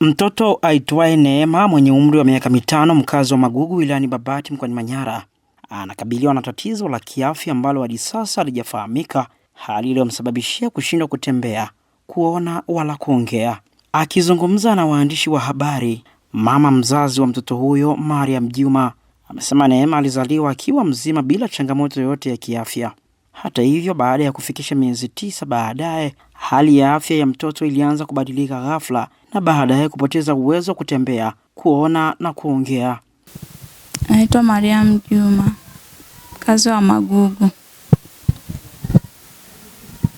Mtoto aitwaye Neema mwenye umri wa miaka mitano, mkazi wa Magugu wilayani Babati mkoani Manyara, anakabiliwa na tatizo la kiafya ambalo hadi sasa halijafahamika, hali iliyomsababishia kushindwa kutembea, kuona wala kuongea. Akizungumza na waandishi wa habari, mama mzazi wa mtoto huyo Mariam Juma amesema Neema alizaliwa akiwa mzima bila changamoto yoyote ya kiafya. Hata hivyo, baada ya kufikisha miezi tisa baadaye, hali ya afya ya mtoto ilianza kubadilika ghafla na baadaye kupoteza uwezo wa kutembea, kuona na kuongea. Naitwa Mariam Juma, mkazi wa Magugu.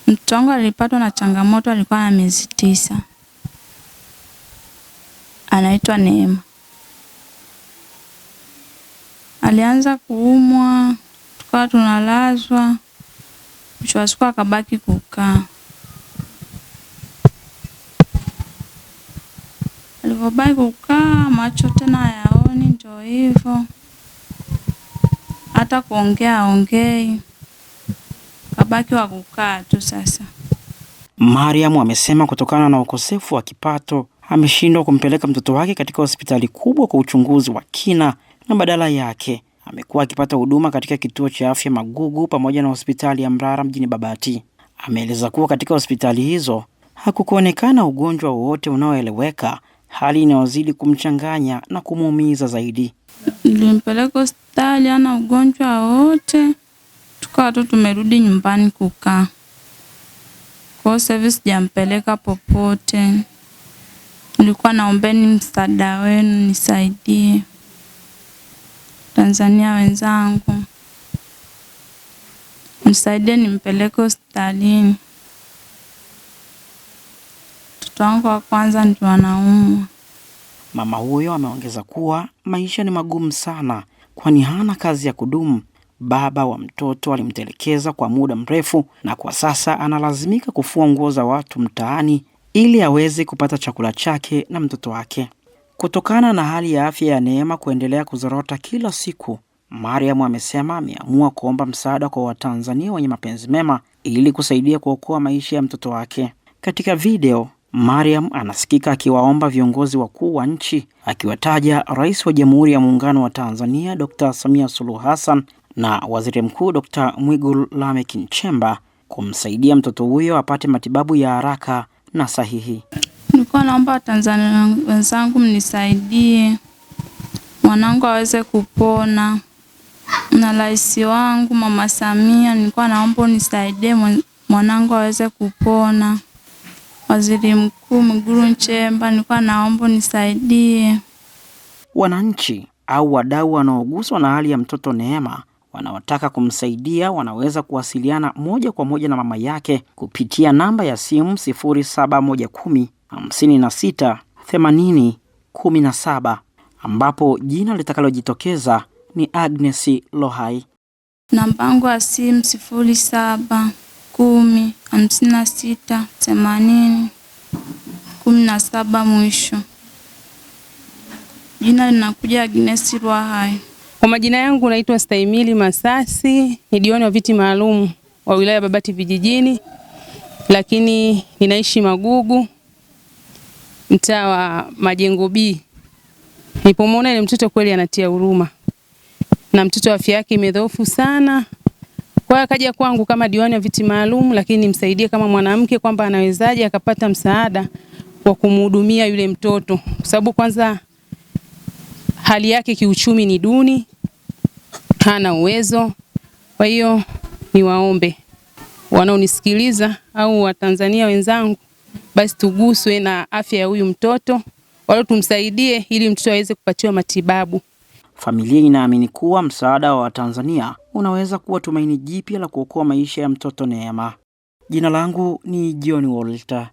Mtoto wangu alipatwa na changamoto, alikuwa na miezi tisa, anaitwa Neema. Alianza kuumwa, tukawa tunalazwa Mwisho wa siku akabaki kukaa. Alivyobaki kukaa, macho tena hayaoni, ndio hivyo, hata kuongea aongei kabaki wa kukaa tu. Sasa Mariam amesema kutokana na ukosefu wa kipato ameshindwa kumpeleka mtoto wake katika hospitali kubwa kwa uchunguzi wa kina na badala yake amekuwa akipata huduma katika kituo cha afya Magugu pamoja na hospitali ya Mrara mjini Babati. Ameeleza kuwa katika hospitali hizo hakukuonekana ugonjwa wowote unaoeleweka, hali inayozidi kumchanganya na kumuumiza zaidi. Nilimpeleka hospitali, ana ugonjwa wowote, tukawa tu tumerudi nyumbani kukaa kwao. Service jampeleka popote. Nilikuwa naombeni msaada wenu, nisaidie tanzania wenzangu, msaidie nimpeleke hospitalini. Mtoto wangu wa kwanza ndio anaumwa. Mama huyo ameongeza kuwa maisha ni magumu sana, kwani hana kazi ya kudumu. Baba wa mtoto alimtelekeza kwa muda mrefu, na kwa sasa analazimika kufua nguo za watu mtaani ili aweze kupata chakula chake na mtoto wake. Kutokana na hali ya afya ya Neema kuendelea kuzorota kila siku, Mariam amesema ameamua kuomba msaada kwa Watanzania wenye mapenzi mema ili kusaidia kuokoa maisha ya mtoto wake. Katika video, Mariam anasikika akiwaomba viongozi wakuu wa nchi, akiwataja Rais wa Jamhuri ya Muungano wa Tanzania Dr. Samia Suluhu Hassan na Waziri Mkuu Dr. Mwigulu Lameck Nchemba kumsaidia mtoto huyo apate matibabu ya haraka na sahihi. Nilikuwa naomba Watanzania wenzangu mnisaidie mwanangu aweze kupona, na rais wangu Mama Samia, nilikuwa naomba unisaidie mwanangu aweze kupona. Waziri Mkuu Mwigulu Nchemba, nilikuwa naomba unisaidie. Wananchi au wadau wanaoguswa na hali ya mtoto Neema wanaotaka kumsaidia wanaweza kuwasiliana moja kwa moja na mama yake kupitia namba ya simu 0710 ambapo jina litakalojitokeza ni Agnes Lohai. Na mpango wa simu 07 10 mwisho. Jina linakuja Agnes Lohai. Kwa majina yangu naitwa staimili Masasi, ni diwani wa viti maalum wa wilaya Babati vijijini, lakini ninaishi Magugu, mtaa wa Majengo B. Nilipomwona ile mtoto kweli anatia huruma, na mtoto afya yake imedhoofu sana. Kwa hiyo akaja kwangu kama diwani wa viti maalum, lakini nimsaidie kama mwanamke, kwamba anawezaje akapata msaada wa kumhudumia yule mtoto, kwa sababu kwanza hali yake kiuchumi ni duni, hana uwezo. Kwa hiyo niwaombe wanaonisikiliza au Watanzania wenzangu, basi tuguswe na afya ya huyu mtoto, wala tumsaidie ili mtoto aweze kupatiwa matibabu. Familia inaamini kuwa msaada wa Watanzania unaweza kuwa tumaini jipya la kuokoa maisha ya mtoto Neema. Jina langu ni John Walter.